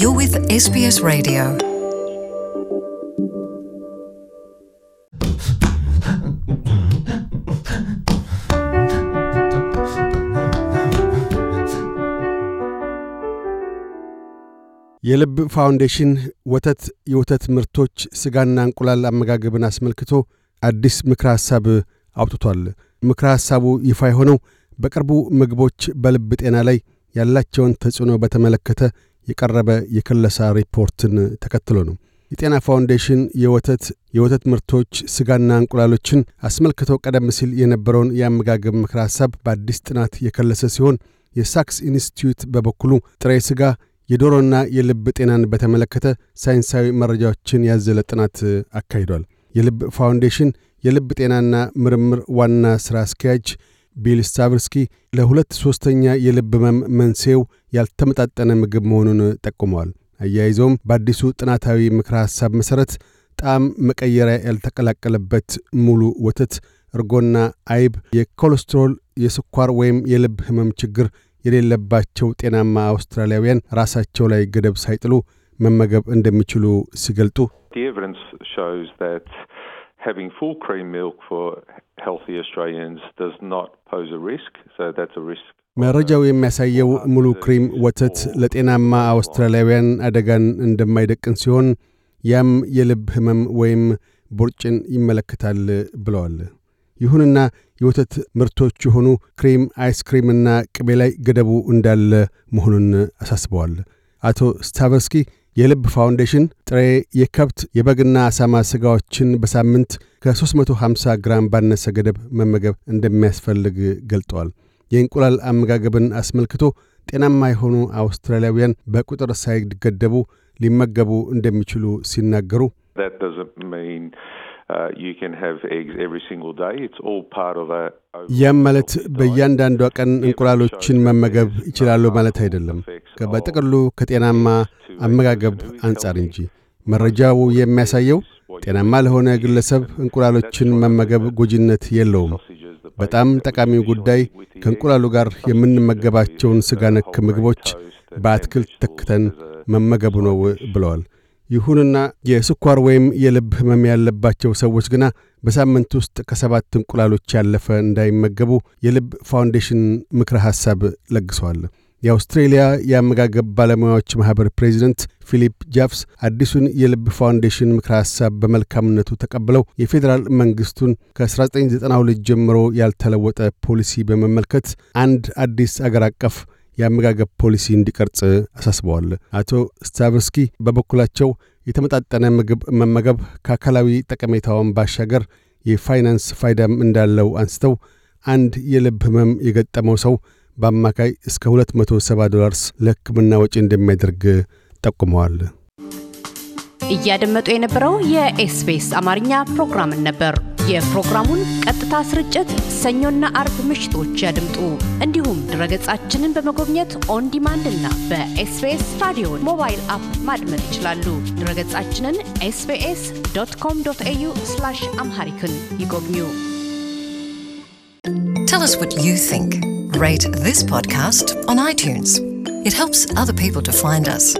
You're with SBS Radio. የልብ ፋውንዴሽን ወተት፣ የወተት ምርቶች፣ ስጋና እንቁላል አመጋገብን አስመልክቶ አዲስ ምክረ ሐሳብ አውጥቷል። ምክረ ሐሳቡ ይፋ የሆነው በቅርቡ ምግቦች በልብ ጤና ላይ ያላቸውን ተጽዕኖ በተመለከተ የቀረበ የክለሳ ሪፖርትን ተከትሎ ነው። የጤና ፋውንዴሽን የወተት የወተት ምርቶች ስጋና እንቁላሎችን አስመልክቶ ቀደም ሲል የነበረውን የአመጋገብ ምክር ሐሳብ በአዲስ ጥናት የከለሰ ሲሆን የሳክስ ኢንስቲትዩት በበኩሉ ጥሬ ስጋ የዶሮና የልብ ጤናን በተመለከተ ሳይንሳዊ መረጃዎችን ያዘለ ጥናት አካሂዷል። የልብ ፋውንዴሽን የልብ ጤናና ምርምር ዋና ሥራ አስኪያጅ ቤልሳብርስኪ ለሁለት ሦስተኛ የልብ ህመም መንስኤው ያልተመጣጠነ ምግብ መሆኑን ጠቁመዋል። አያይዘውም በአዲሱ ጥናታዊ ምክረ ሐሳብ መሠረት ጣዕም መቀየሪያ ያልተቀላቀለበት ሙሉ ወተት፣ እርጎና አይብ የኮሌስትሮል፣ የስኳር ወይም የልብ ህመም ችግር የሌለባቸው ጤናማ አውስትራሊያውያን ራሳቸው ላይ ገደብ ሳይጥሉ መመገብ እንደሚችሉ ሲገልጡ having full cream milk for healthy Australians does not pose a risk, so that's a risk. መረጃው የሚያሳየው uh, ሙሉ ክሪም ወተት ለጤናማ አውስትራሊያውያን አደጋን እንደማይደቅን ሲሆን ያም የልብ ህመም ወይም ቦርጭን ይመለከታል ብለዋል። ይሁንና የወተት ምርቶች የሆኑ ክሬም፣ ክሪምና ቅቤ ላይ ገደቡ እንዳለ መሆኑን አሳስበዋል። አቶ ስታቨስኪ የልብ ፋውንዴሽን ጥሬ የከብት የበግና አሳማ ስጋዎችን በሳምንት ከ350 ግራም ባነሰ ገደብ መመገብ እንደሚያስፈልግ ገልጠዋል። የእንቁላል አመጋገብን አስመልክቶ ጤናማ የሆኑ አውስትራሊያውያን በቁጥር ሳይገደቡ ሊመገቡ እንደሚችሉ ሲናገሩ uh, ያም ማለት በእያንዳንዷ ቀን እንቁላሎችን መመገብ ይችላሉ ማለት አይደለም። በጥቅሉ ከጤናማ አመጋገብ አንጻር እንጂ። መረጃው የሚያሳየው ጤናማ ለሆነ ግለሰብ እንቁላሎችን መመገብ ጎጂነት የለውም። በጣም ጠቃሚው ጉዳይ ከእንቁላሉ ጋር የምንመገባቸውን ሥጋ ነክ ምግቦች በአትክልት ተክተን መመገቡ ነው ብለዋል። ይሁንና የስኳር ወይም የልብ ህመም ያለባቸው ሰዎች ግና በሳምንት ውስጥ ከሰባት እንቁላሎች ያለፈ እንዳይመገቡ የልብ ፋውንዴሽን ምክረ ሐሳብ ለግሰዋል። የአውስትሬሊያ የአመጋገብ ባለሙያዎች ማኅበር ፕሬዚደንት ፊሊፕ ጃፍስ አዲሱን የልብ ፋውንዴሽን ምክረ ሐሳብ በመልካምነቱ ተቀብለው የፌዴራል መንግሥቱን ከ1992 ጀምሮ ያልተለወጠ ፖሊሲ በመመልከት አንድ አዲስ አገር አቀፍ የአመጋገብ ፖሊሲ እንዲቀርጽ አሳስበዋል። አቶ ስታቨስኪ በበኩላቸው የተመጣጠነ ምግብ መመገብ ከአካላዊ ጠቀሜታውን ባሻገር የፋይናንስ ፋይዳም እንዳለው አንስተው አንድ የልብ ህመም የገጠመው ሰው በአማካይ እስከ 270 ዶላርስ ለሕክምና ወጪ እንደሚያደርግ ጠቁመዋል። እያደመጡ የነበረው የኤስቢኤስ አማርኛ ፕሮግራምን ነበር። የፕሮግራሙን ቀጥታ ስርጭት ሰኞና አርብ ምሽቶች ያድምጡ። እንዲሁም ድረገጻችንን በመጎብኘት ኦን ዲማንድ እና በኤስቢኤስ ራዲዮን ሞባይል አፕ ማድመጥ ይችላሉ። ድረገጻችንን ኤስቢኤስ ዶት ኮም ዶት ኤዩ አምሃሪክን ይጎብኙ። ቴል አስ ዋት ዩ ቲንክ rate this podcast on iTunes. It helps other people to find us.